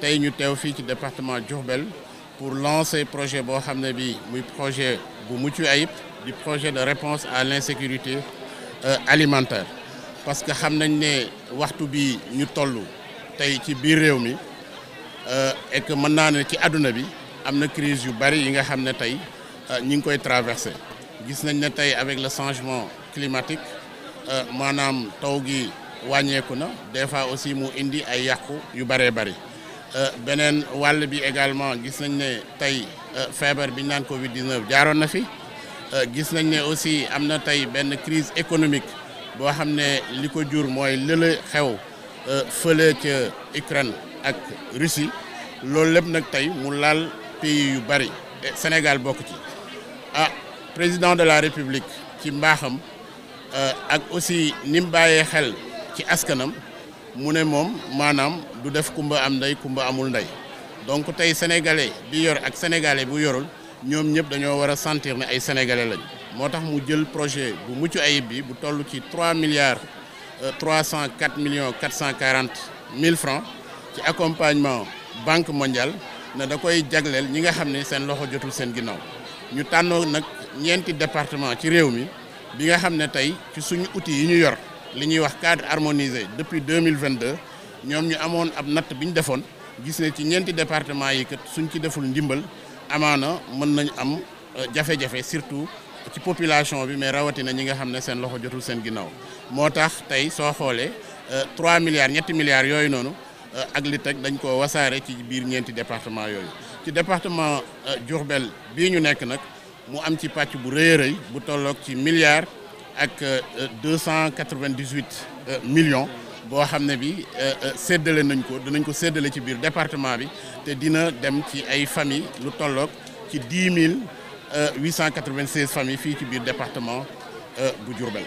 tey ñu teew fii ci département Diourbel pour lancer projet boo xam ne bii muy projet bu mucc ayib di projet de réponse à l'insécurité euh, alimentaire parce que xam nañ ne waxtu bi ñu tollu tey ci biir réew mi euh, et que mën naa ne ci àdduna bi am na crise yu bari yi nga xam ne tey euh, ñi ngi koy traversé gis nañ ne tey avec le changement climatique maanaam taw gi wàññeeku na des fois aussi mu indi ay yàqu yu bëree bëri Euh, beneen wàll bi également gis nañ ne tey euh, feebar bi naan Covid 19 jaaroon na fi euh, gis nañ ne aussi am na tey benn crise économique boo xam ne li ko jur mooy lële xew fële ca Ukraine ak Russie loolu lépp nag tey mu laal pays yu bari Sénégal bokk ci ah président de la République ci mbaaxam ak aussi ni mu bàyyee xel ci askanam. mu ne moom maanaam du def kumba am ndey kumba amul ndey donc tey sénégalais bi yor ak sénégalais bu yorul ñoom ñëpp dañoo war a sentir ne ay sénégalais lañ moo tax mu jël projet bu mucc ayib bi bu toll ci 3 milliards 304 euh, millions 440 mille francs ci accompagnement banque mondiale ne da koy jagleel ñi nga xam ne seen loxo jotul seen ginnaaw ñu tànnoo nag ñeenti département ci réew mi bi nga xam ne tey ci suñu outils yi ñu yor li ñuy wax cadre harmonisé depuis 2022 ñoom ñu amoon ab natt bi ñu defoon gis ne ci ñeenti département yi kat suñ ci deful ndimbal amaana mën nañ am euh, jafe-jafe surtout ci population bi mais rawatina ñi nga xam ne seen loxo jotul seen ginnaaw moo tax tey soo xoolee 3 euh, milliards ñetti milliards yooyu noonu euh, ak li teg dañ koo wasaare ci biir ñeenti département yooyu ci département Diourbel bii ñu nekk nag mu am ci pàcc bu rëy rëy bu tolloog ci milliards ak 298 euh, euh, millions boo xam ne bi euh, séddale nañ ko danañ ko séddale ci biir département bi te dina dem ci ay famille lu tolloog ci 10 896 familles fii ci biir département bu Diourbel